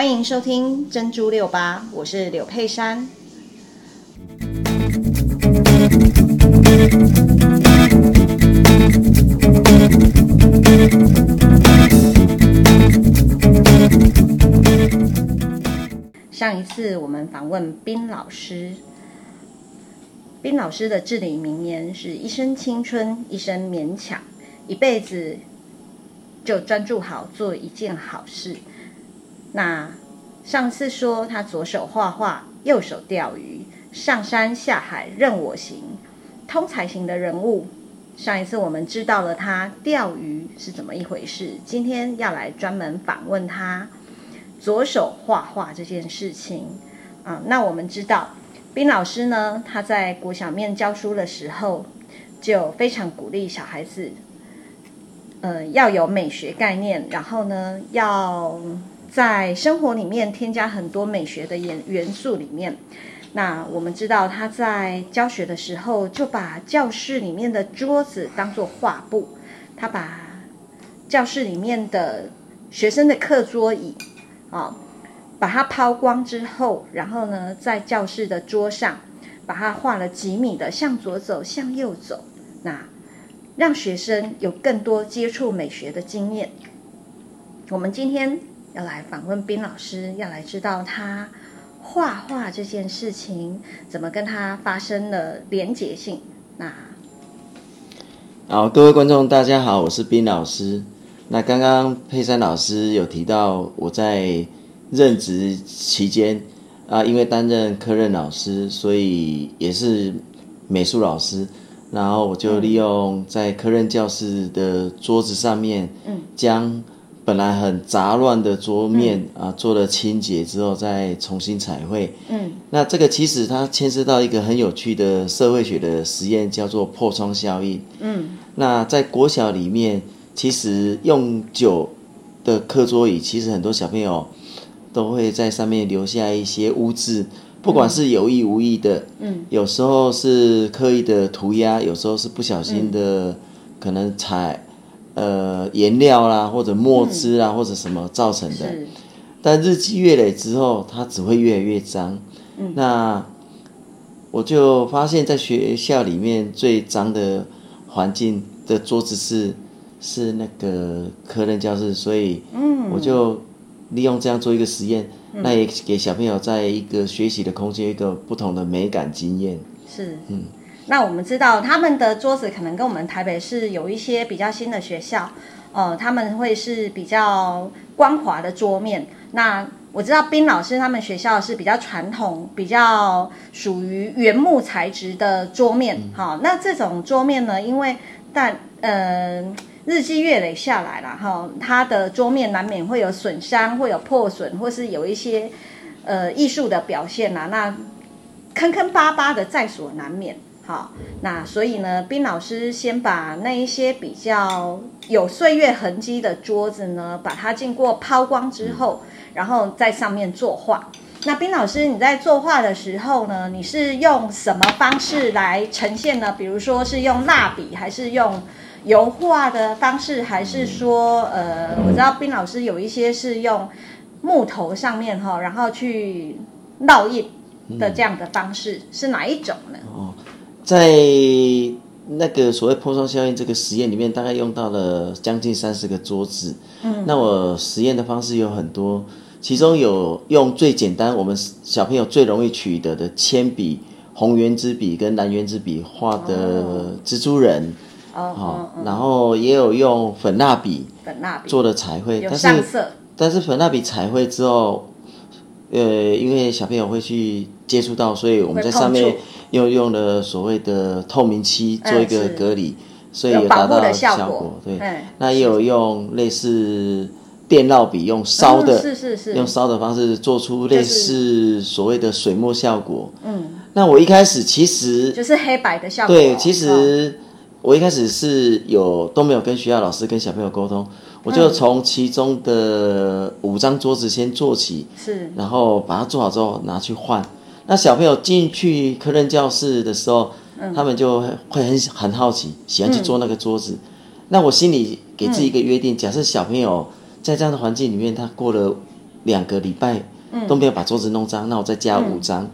歡迎收聽《珍珠六八》，我是柳沛杉。上一次我們訪問賓老師，賓老師的至理名言是一生青春，一生勉強，一輩子就專注好做一件好事。那上次說他左手畫畫，右手釣魚，上山下海任我行，通才型的人物。上一次我們知道了他釣魚是怎麼一回事，今天要來專門訪問他左手畫畫這件事情啊、嗯。那我們知道，賓老師呢，他在國小面教書的時候，就非常鼓勵小孩子，嗯、呃，要有美學概念，然後呢，要。在生活裡面添加很多美學的元元素裡面，那我們知道他在教學的時候，就把教室裡面的桌子當做畫布，他把教室裡面的學生的課桌椅啊、哦，把它拋光之後，然後呢，在教室的桌上把它畫了幾米的向左走，向右走，那讓學生有更多接觸美學的經驗。我們今天。要來訪問賓老師，要來知道他畫畫這件事情怎麼跟他發生了連結性？那好，各位觀眾大家好，我是賓老師。那剛剛沛杉老師有提到我在任職期間啊，因為擔任科任老師，所以也是美術老師，然後我就利用在科任教室的桌子上面，嗯，將。本來很雜亂的桌面、嗯、啊，做了清潔之後再重新彩繪。嗯，那這個其實它牽涉到一個很有趣的社會學的實驗，叫做破窗效應。嗯，那在國小裡面，其實用久的課桌椅，其實很多小朋友都會在上面留下一些污漬，不管是有意無意的。嗯，嗯有時候是刻意的塗鴉，有時候是不小心的，嗯、可能踩。呃，顏料啦，或者墨汁啦，嗯、或者什麼造成的，是但日積月累之後，它只會越來越髒。嗯、那我就發現，在學校裡面最髒的環境的桌子是是那個科任教室，所以我就利用這樣做一個實驗，嗯、那也給小朋友在一個學習的空間一個不同的美感經驗。是，嗯。那我們知道他們的桌子可能跟我們台北是有一些比較新的學校，呃，他們會是比較光滑的桌面。那我知道賓老師他們學校是比較傳統，比較屬於原木材質的桌面。好、哦，那這種桌面呢，因為但嗯、呃，日積月累下來了哈，它、哦、的桌面難免會有損傷，會有破損，或是有一些呃藝術的表現吶、啊，那坑坑巴巴的在所難免。好，那所以呢，賓老師先把那一些比較有歲月痕跡的桌子呢，把它經過拋光之後，然後在上面作畫。那賓老師，你在作畫的時候呢，你是用什麼方式來呈現呢？比如說是用蠟筆，還是用油畫的方式，還是說，呃，我知道賓老師有一些是用木頭上面齁，然後去烙印的這樣的方式，嗯，是哪一種呢？哦。在那個所謂破窗效應這個實驗裡面，大概用到了將近三十個桌子。嗯，那我實驗的方式有很多，其中有用最簡單我們小朋友最容易取得的鉛筆、紅圓珠筆跟藍圓珠筆畫的蜘蛛人。哦，哦好嗯、然後也有用粉蠟筆粉蠟筆做的彩繪，但是但是粉蠟筆彩繪之後，呃，因為小朋友會去。接觸到，所以我們在上面又用，用，用了所謂的透明漆做一個隔離，嗯、所以有達到效果。效果對，嗯、那也有用類似電烙筆用燒的，是是是用燒的方式做出類似所謂的水墨效果。就是、嗯，那我一開始其實就是黑白的效果。對，其實我一開始是有都沒有跟學校老師跟小朋友溝通，嗯、我就從其中的五張桌子先做起，是，然後把它做好之後拿去換。那小朋友進去科任教室的時候，他們就會很很好奇，喜歡去坐那個桌子。那我心裡給自己一個約定，假設小朋友在這樣的環境裡面，他過了兩個禮拜都沒有把桌子弄髒，那我再加五張。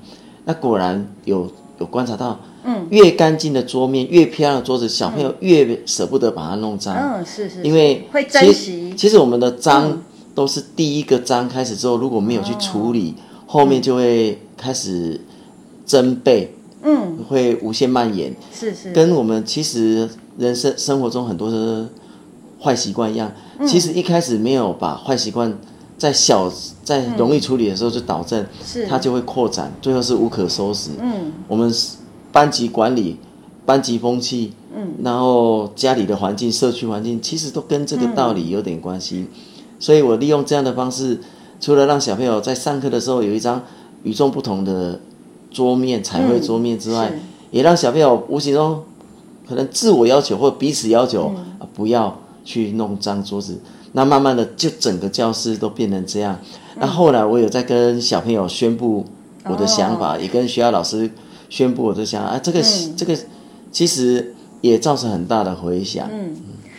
那果然有有觀察到，越乾淨的桌面，越漂亮的桌子，小朋友越捨不得把它弄髒。嗯，是是是，因為會珍惜。其實我們的髒都是第一個髒開始之後，如果沒有去處理，後面就會。開始增倍，嗯，會無限蔓延，是是，是是跟我們其實人生生活中很多的壞習慣一樣，嗯、其實一開始沒有把壞習慣在小，在，小在容易處理的時候就導正，嗯，是，它就會擴展，最後是無可收拾。嗯，我們班級管理、班級風氣，嗯，然後家裡的環境、社區環境，其實都跟這個道理有點關係。嗯、所以我利用這樣的方式，除了讓小朋友在上課的時候有一張。與眾不同的桌面、彩繪桌面之外，嗯、也讓小朋友無形中可能自我要求或彼此要求、嗯、啊，不要去弄髒桌子。那慢慢的，就整個教室都變成這樣。嗯、那後來我有在跟小朋友宣布我的想法，哦、也跟學校老師宣布我的想法啊，這個、嗯、這個其實也造成很大的回響。嗯。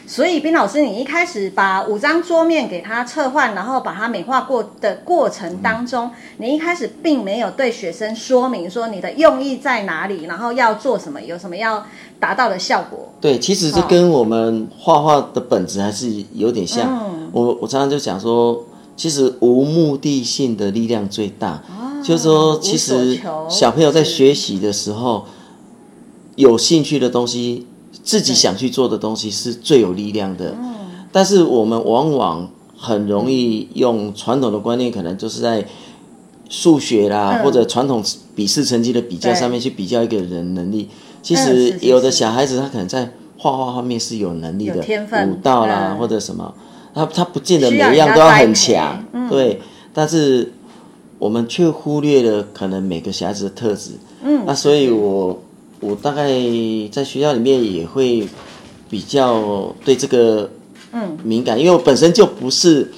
所以，賓老師，你一開始把五張桌面給它撤換，然後把它美化過的過程當中，嗯、你一開始並沒有對學生說明說你的用意在哪裡，然後要做什麼，有什麼要達到的效果。對，其實這跟我們畫畫的本質還是有點像。哦嗯、我我常常就講說，其實無目的性的力量最大。啊、就是說，其實小朋友在學習的時候，嗯、有興趣的東西。自己想去做的東西是最有力量的，但是我們往往很容易用傳統的觀念，可能就是在數學啦或者傳統筆試成績的比較上面去比較一個人能力。其實有的小孩子他可能在畫畫方面是有能力的，舞蹈啦或者什麼，他他不見得每一樣都要很強，對。但是我們卻忽略了可能每個小孩子的特質，嗯，那所以我。我大概在學校裡面也會比較對這個敏感，因為我本身就不是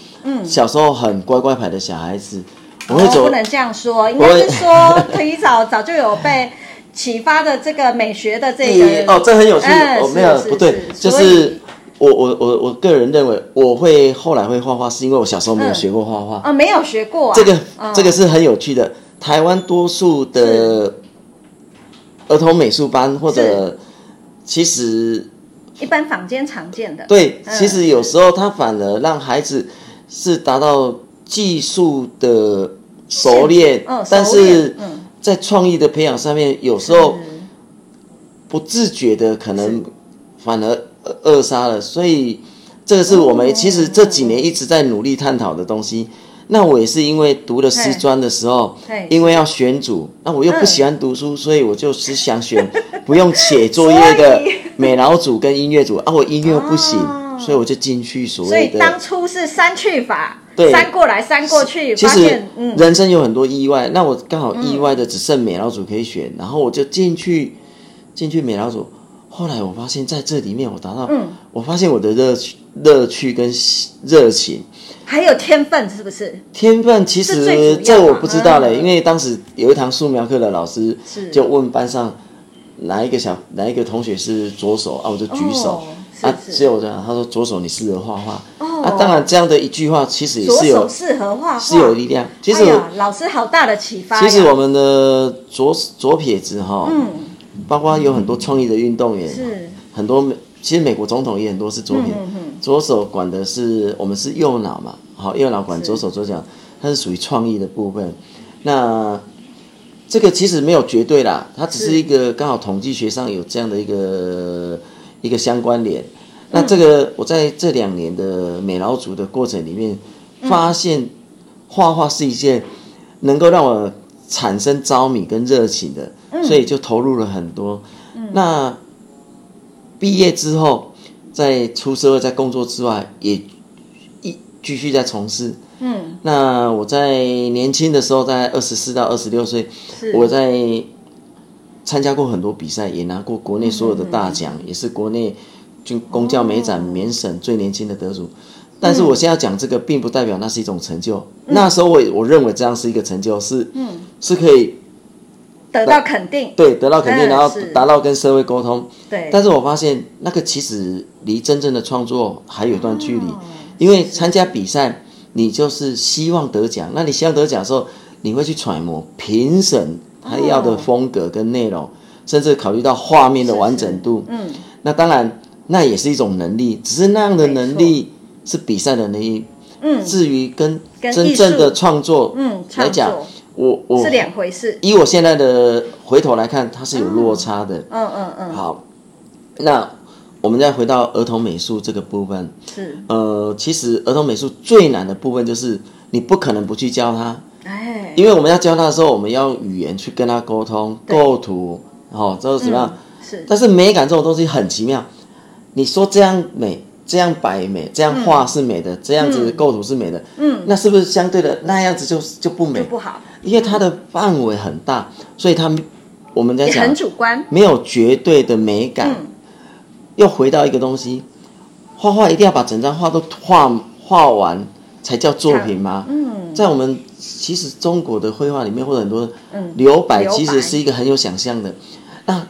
小時候很乖乖牌的小孩子。我不能這樣說，應該是說提早早就有被啟發的這個美學的這一哦，這很有趣，我沒有不對，就是我我我我個人認為，我會後來會畫畫，是因為我小時候沒有學過畫畫啊，沒有學過這個這個是很有趣的。台灣多數的。兒童美術班或者是，其實，一般坊間常見的，對，嗯、其實有時候他反而讓孩子是達到技術的熟練，是嗯、但是在創意的培養上面，有時候不自覺的可能反而扼殺了，嗯、所以這個是我們其實這幾年一直在努力探討的東西。那我也是因為讀了師專的時候，因為要選組，那我又不喜歡讀書，所以我就只想選不用寫作業的美勞組跟音樂組。啊，我音樂不行，所以我就進去所謂。所以當初是刪去法，刪過來刪過去，其實人生有很多意外。那我剛好意外的只剩美勞組可以選，然後我就進去進去美勞組。後來我發現在這裡面，我達到，我發現我的樂趣、樂趣跟熱情。還有天分是不是？天分其實這我不知道嘞，因為當時有一堂素描課的老師就問班上哪一個小哪一個同學是左手啊，我就舉手啊，只有這樣，他說左手你適合畫畫啊，當然這樣的一句話其實也是有適合畫畫是有力量，其實老師好大的啟發。其實我們的左左撇子哈，嗯，包括有很多創意的運動員是很多。其實美國總統也很多是左撇，嗯、哼左手管的是我們是右腦嘛，好，右腦管左手左、左腳是，它是屬於創意的部分。那這個其實沒有絕對啦，它只是一個是剛好統計學上有這樣的一個一個相關聯。那這個、嗯、我在這兩年的美勞組的過程裡面，發現畫畫是一件能夠讓我產生着迷跟熱情的，所以就投入了很多。嗯、那畢業之後，在出社會、在工作之外，也一繼續在從事。嗯，那我在年輕的時候，在二十四到二十六歲，是我在參加過很多比賽，也拿過國內所有的大獎，嗯嗯嗯也是國內軍公教美展、哦、免審最年輕的得主。但是我現在講這個，並不代表那是一種成就。嗯、那時候我我認為這樣是一個成就是，是嗯是可以。得到肯定，對，得到肯定，然後達到跟社會溝通、嗯，對。但是我發現那個其實離真正的創作還有一段距離，哦、因為參加比賽，是是你就是希望得獎，那你希望得獎的時候，你會去揣摩評審他要的風格跟內容，哦、甚至考慮到畫面的完整度。是是嗯，那當然，那也是一種能力，只是那樣的能力是比賽的能力。嗯，至於跟真正的創作，嗯，來講。我我是兩回事。以我現在的回頭來看，它是有落差的。嗯嗯嗯。好，那我們再回到兒童美術這個部分。是。呃，其實兒童美術最難的部分就是你不可能不去教他。哎。因為我們要教他的時候，我們要語言去跟他溝通，構圖，哦，這是什麼樣？是。但是美感這種東西很奇妙。你說這樣美，這樣擺美，這樣畫是美的，這樣子構圖是美的。嗯。那是不是相對的那樣子就就不美不好？因為它的範圍很大，所以他們，我們在講沒有絕對的美感。嗯、又回到一個東西，畫畫一定要把整張畫都畫畫完才叫作品嗎？嗯，在我們其實中國的繪畫裡面，或者很多的留白，其實是一個很有想象的。嗯、那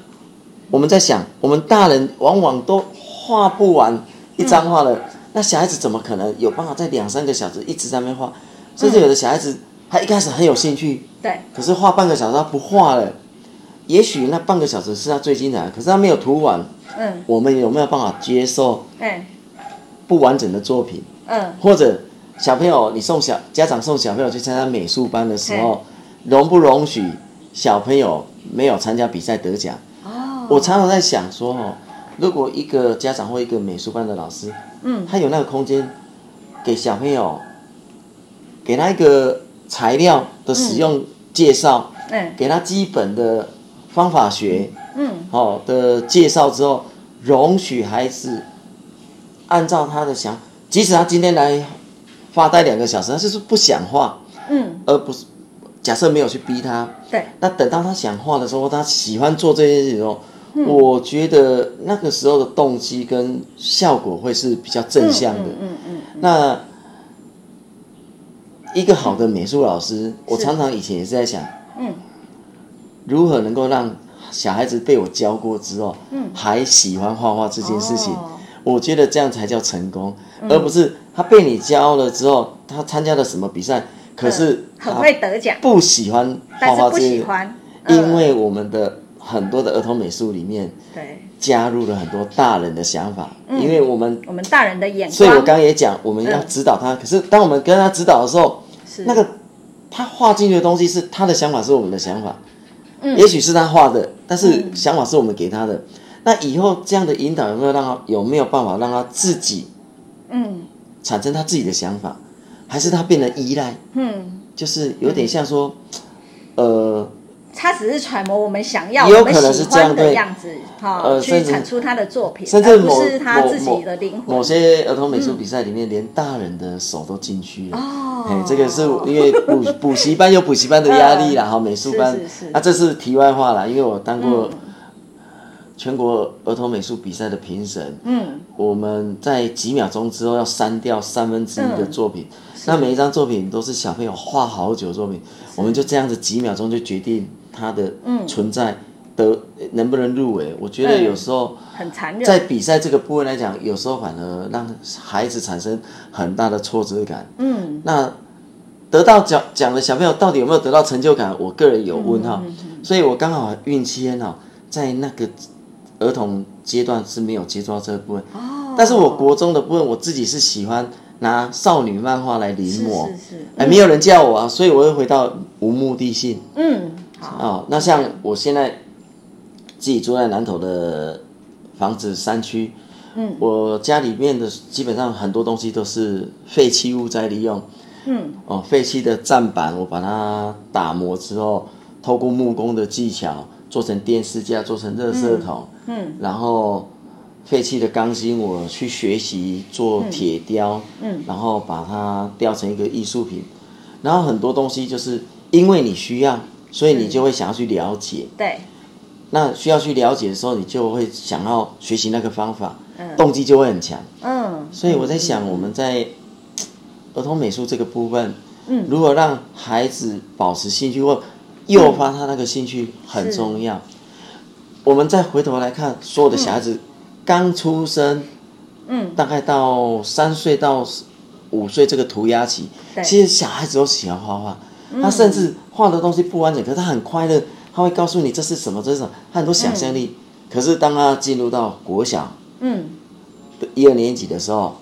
我們在想，我們大人往往都畫不完一張畫了，嗯、那小孩子怎麼可能有辦法在兩三個小時一直在那邊畫？嗯、甚至有的小孩子。他一開始很有興趣，對，可是畫半個小時他不畫了。也許那半個小時是他最精彩，可是他沒有塗完。嗯，我們有沒有辦法接受？不完整的作品。嗯，或者小朋友，你送小家長送小朋友去參加美術班的時候，嗯、容不容許小朋友沒有參加比賽得獎？哦，我常常在想說哦，如果一個家長或一個美術班的老師，嗯，他有那個空間給小朋友，給他一個。材料的使用介紹，嗯嗯、給他基本的方法學，嗯，好、嗯哦，的介紹之後，容許孩子按照他的想，即使他今天來發呆兩個小時，他就是不想畫，嗯，而不是假設沒有去逼他，對、嗯，那等到他想畫的時候，他喜歡做這些事情的時候，嗯、我覺得那個時候的動機跟效果會是比較正向的，嗯嗯，嗯嗯嗯那。一個好的美術老師，我常常以前也是在想，嗯，如何能夠讓小孩子被我教過之後，嗯，還喜歡畫畫這件事情，我覺得這樣才叫成功，而不是他被你教了之後，他參加了什麼比賽，可是很會得獎，不喜歡畫畫，不喜歡，因為我們的很多的兒童美術裡面，對，加入了很多大人的想法，因為我們我們大人的眼光，所以我剛也講，我們要指導他，可是當我們跟他指導的時候。那個他畫進去的東西是他的想法，是我們的想法。嗯，也許是他畫的，但是想法是我們給他的。那以後這樣的引導有沒有讓他有沒有辦法讓他自己，嗯，產生他自己的想法，還是他變得依賴？嗯，就是有點像說，嗯，呃。他只是揣摩我們想要我們喜歡、也有可能是這樣的樣子，哈，去產出他的作品，呃、甚至是他自己的靈魂。某些兒童美術比賽裡面，連大人的手都進去了。哦、嗯，哎，這個是因為補補習班有補習班的壓力啦。哈、嗯。美術班，那、啊、這是題外話啦，因為我當過全國兒童美術比賽的評審，嗯，我們在幾秒鐘之後要刪掉三分之一的作品，嗯、那每一張作品都是小朋友畫好久的作品，是我們就這樣子幾秒鐘就決定。他的存在得能不能入圍？我覺得有時候在比賽這個部分來講，有時候反而讓孩子產生很大的挫折感。嗯，那得到獎獎的小朋友到底有沒有得到成就感？我個人有問號，所以我剛好運氣很好，在那個兒童階段是沒有接觸到這個部分。哦，但是我國中的部分，我自己是喜歡拿少女漫畫來臨摹，是是，哎，沒有人叫我啊，所以我又回到無目的性。嗯。好哦，那像我現在自己住在南投的房子山區，嗯，我家裡面的基本上很多東西都是廢棄物再利用，嗯，哦，廢棄的棧板我把它打磨之後，透過木工的技巧做成電視架，做成熱射桶嗯，嗯，然後廢棄的鋼筋我去學習做鐵雕嗯，嗯，然後把它雕成一個藝術品，然後很多東西就是因為你需要。所以你就會想要去了解，嗯、對，那需要去了解的時候，你就會想要學習那個方法，嗯，動機就會很強，嗯。嗯，所以我在想，我們在兒童美術這個部分，嗯，如果讓孩子保持興趣或誘發他那個興趣很重要。嗯、我們再回頭來看，所有的小孩子剛出生，嗯，大概到三歲到五歲這個塗鴉期，嗯、其實小孩子都喜歡畫畫。嗯、他甚至畫的東西不完整，可是他很快樂。他會告訴你這是什麼，這是什麼，他很多想象力。嗯、可是當他進入到國小，嗯，一二年級的時候，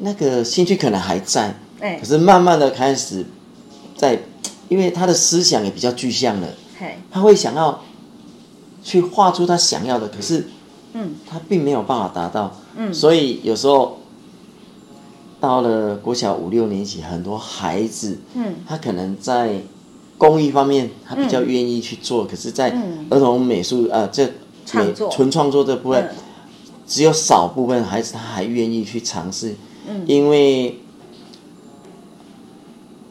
那個興趣可能還在。哎、欸，可是慢慢的開始，在，因為他的思想也比較具象了。嘿他會想要去畫出他想要的，可是，嗯，他並沒有辦法達到。嗯，所以有時候。到了國小五六年級，很多孩子，嗯，他可能在工藝方面，他比較願意去做。嗯、可是，在兒童美術啊，這、呃、美純創作這部分，嗯、只有少部分孩子他還願意去嘗試。嗯、因為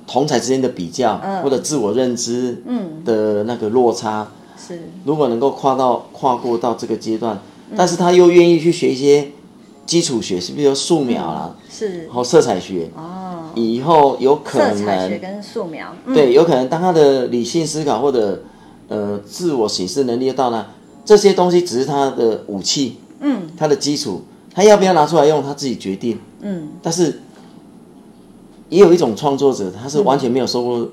同儕之間的比較、嗯、或者自我認知，的那個落差是，嗯、如果能夠跨到跨過到這個階段，嗯、但是他又願意去學一些。基礎學是比如素描啦、啊嗯？是，然後色彩學哦。以後有可能色彩學跟素描，嗯、對，有可能當他的理性思考或者呃自我顯示能力到那，這些東西只是他的武器，嗯，他的基礎，他要不要拿出來用，他自己決定，嗯。但是也有一種創作者，他是完全沒有受過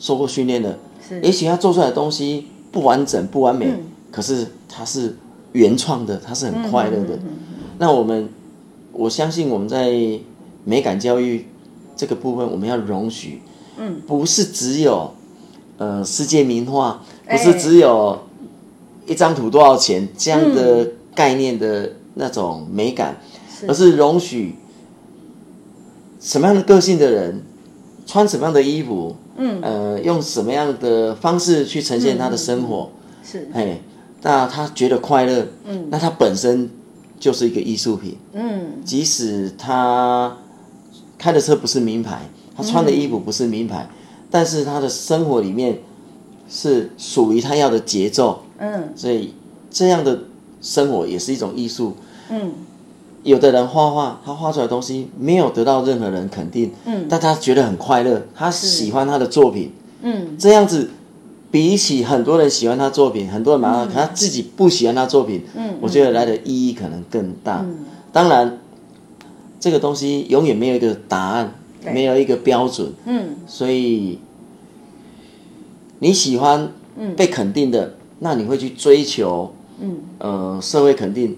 受、嗯、過訓練的，是也許他做出來的東西不完整、不完美，嗯、可是他是原創的，他是很快樂的。嗯哼哼哼那我們，我相信我們在美感教育這個部分，我們要容許，嗯，不是只有，呃，世界名畫，不是只有一張圖多少錢這樣的概念的那種美感，而是容許什麼樣的個性的人穿什麼樣的衣服，嗯，呃，用什麼樣的方式去呈現他的生活，嗯，是，哎，那他覺得快樂，嗯，那他本身。就是一個藝術品。嗯，即使他開的車不是名牌，他穿的衣服不是名牌，嗯，但是他的生活裡面是屬於他要的節奏。嗯，所以這樣的生活也是一種藝術。嗯，有的人畫畫，他畫出來的東西沒有得到任何人肯定。嗯，但他覺得很快樂，他喜歡他的作品。嗯，這樣子。比起很多人喜歡他作品，很多人反而他自己不喜歡他作品，嗯，我覺得來的意義可能更大。嗯嗯、當然，這個東西永遠沒有一個答案，對沒有一個標準，嗯，所以你喜歡被肯定的，嗯、那你會去追求，嗯，呃，社會肯定，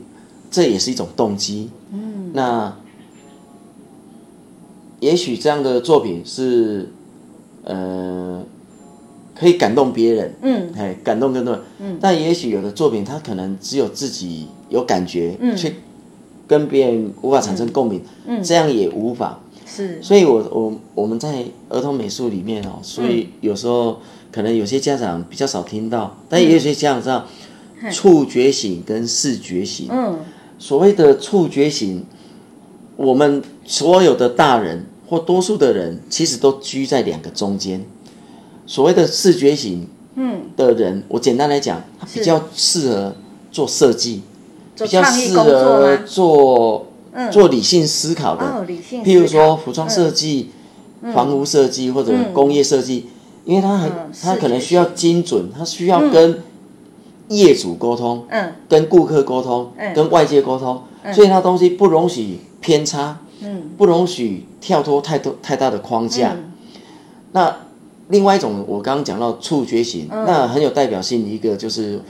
這也是一種動機，嗯，那也許這樣的作品是，呃。可以感動別人，嗯，哎，感動更多人，嗯，但也許有的作品，他可能只有自己有感覺，嗯，卻跟別人無法產生共鳴，嗯，嗯，這樣也無法，是，所以我我我們在兒童美術裡面哦，所以有時候可能有些家長比較少聽到，但也有些家長知道，嗯，觸覺型跟視覺型，嗯，所謂的觸覺型，我們所有的大人或多數的人其實都居在兩個中間。所謂的視覺型的人，我簡單來講，他比較適合做設計，比較適合做做理性思考的。譬如說服裝設計、房屋設計或者工業設計，因為他很，他可能需要精準，他需要跟業主溝通，嗯，跟顧客溝通，跟外界溝通，所以他東西不容許偏差，嗯，不容許跳脫太多太大的框架，那。另外一種，我剛剛講到觸覺型，嗯，那很有代表性一個就是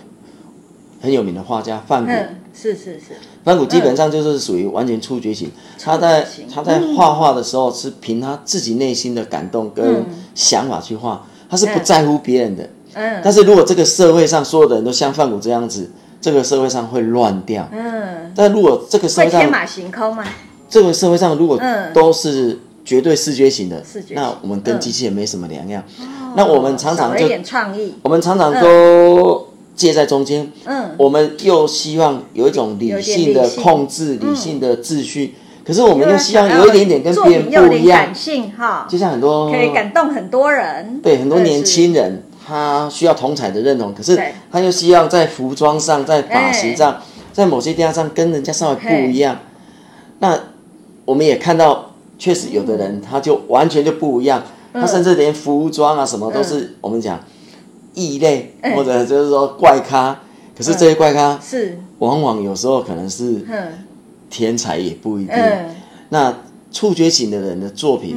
很有名的畫家梵谷，嗯。是是是，梵谷基本上就是屬於完全觸覺型，覺型他在他在畫畫的時候是憑他自己內心的感動跟想法去畫，嗯，他是不在乎別人的，嗯，嗯，但是如果這個社會上所有的人都像梵谷這樣子，這個社會上會亂掉，嗯，但如果這個社會上，會天馬行空嘛，這個社會上如果都是。絕對視覺型的，那我們跟機器也沒什麼兩樣。那我們常常就，我們常常都借在中間。嗯，我們又希望有一種理性的控制、理性的秩序，可是我們又希望有一點點跟別人不一樣。感性哈。就像很多可以感動很多人。對，很多年輕人他需要同彩的認同，可是他又希望在服裝上、在髮型上、在某些地方上跟人家稍微不一樣。那我們也看到。確實，有的人他就完全就不一樣，他甚至連服裝啊什麼都是我們講異類，或者就是說怪咖。可是這些怪咖是往往有時候可能是天才也不一定。那觸覺型的人的作品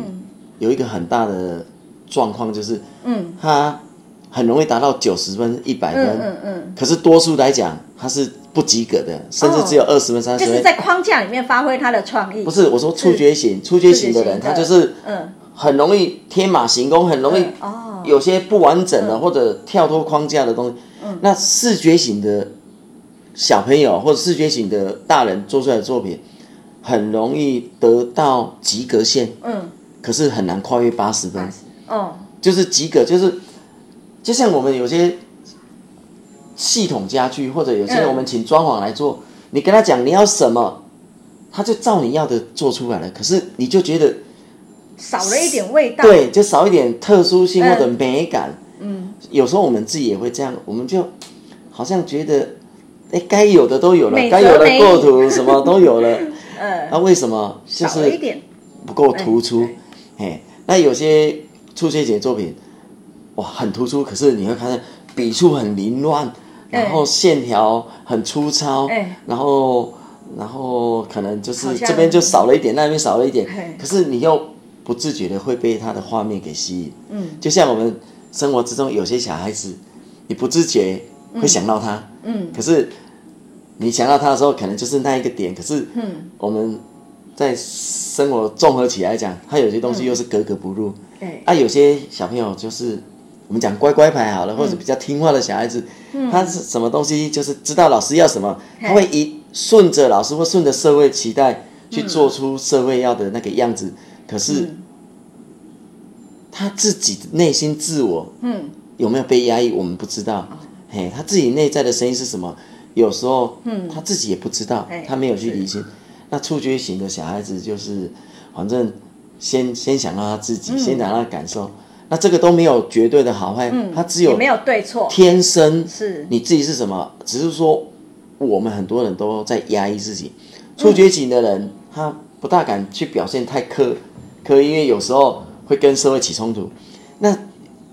有一個很大的狀況就是，嗯，他。很容易達到九十分、一百分，嗯嗯，可是多數來講，他是不及格的，甚至只有二十分、三十分。就是在框架裡面發揮他的創意。不是，我說觸覺型，觸覺型的人，他就是很容易天馬行空，很容易有些不完整的或者跳脫框架的東西。那視覺型的小朋友或者視覺型的大人做出來的作品，很容易得到及格線，可是很難跨越八十分，就是及格，就是。就像我們有些系統家具，或者有些我們請裝潢來做，嗯、你跟他講你要什麼，他就照你要的做出來了。可是你就覺得少了一點味道，對，就少一點特殊性或者美感。嗯，嗯有時候我們自己也會這樣，我們就好像覺得哎，該有的都有了，沒沒該有的構圖什麼都有了。嗯，那、啊、為什麼就是不夠突出？哎、嗯嗯，那有些初學者作品。哇，很突出，可是你會看到筆觸很凌亂，欸、然後線條很粗糙，欸、然後然後可能就是這邊就少了一點，像那邊少了一點，欸、可是你又不自覺的會被他的畫面給吸引，嗯，就像我們生活之中有些小孩子，你不自覺會想到他，嗯，可是你想到他的時候，可能就是那一個點，嗯、可是，嗯，我們在生活綜合起來講，他有些東西又是格格不入，對、嗯，那、欸啊、有些小朋友就是。我們講乖乖牌好了，或者比較聽話的小孩子，嗯、他是什麼東西？就是知道老師要什麼，嗯、他會一順着老師或順着社會期待去做出社會要的那個樣子。嗯、可是他自己的內心自我，嗯，有沒有被壓抑？我們不知道。嗯、嘿，他自己內在的聲音是什麼？有時候，嗯，他自己也不知道，嗯、他沒有去理清。嗯、那觸覺型的小孩子就是，反正先先想到他自己，嗯、先想到他感受。那這個都沒有絕對的好壞，它、嗯、只有沒有對錯，天生是你自己是什麼？只是說我們很多人都在壓抑自己，觸、嗯、覺醒的人他不大敢去表現太刻刻，刻因為有時候會跟社會起衝突。那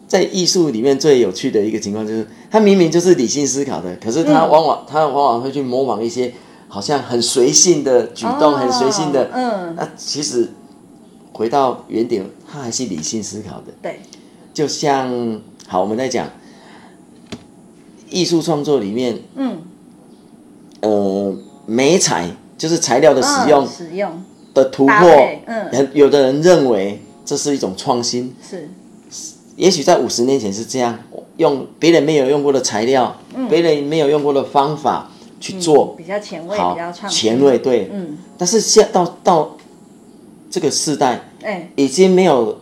在藝術裡面最有趣的一個情況就是，他明明就是理性思考的，可是他往往、嗯、他往往會去模仿一些好像很隨性的舉動，哦、很隨性的，嗯，那其實回到原點。他還是理性思考的，對，就像好，我們在講藝術創作裡面，嗯，呃，媒材就是材料的使用，嗯、使用的突破，啊、嗯，有的人認為這是一種創新，是，也許在五十年前是這樣，用別人沒有用過的材料，別、嗯、人沒有用過的方法去做，比較前衛，比較前衛好，對，嗯，但是現在到到。到這個世代，已經沒有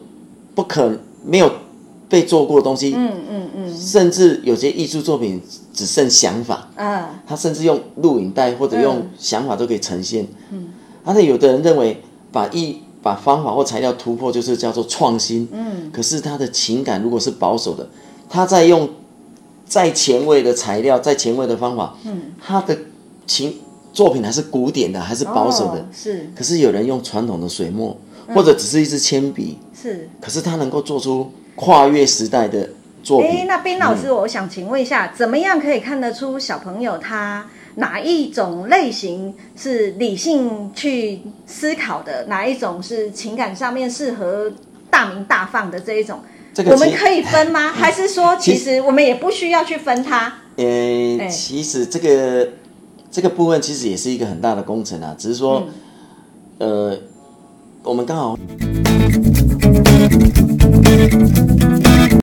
不可沒有被做過的東西。嗯嗯嗯。甚至有些藝術作品只剩想法啊，他甚至用錄影帶或者用想法都可以呈現。嗯。而且有的人認為，把一把方法或材料突破就是叫做創新。嗯。可是他的情感如果是保守的，他在用再前衛的材料、再前衛的方法，嗯，他的情。作品還是古典的，還是保守的，哦、是。可是有人用傳統的水墨，嗯、或者只是一支鉛筆，是。可是他能夠做出跨越時代的作品。那賓老師，嗯、我想請問一下，怎麼樣可以看得出小朋友他哪一種類型是理性去思考的，哪一種是情感上面適合大鳴大放的這一種？我們可以分嗎？還是說，其實我們也不需要去分他？呃，其實這個。這個部分其實也是一個很大的工程啊，只是說，嗯、呃，我們剛好。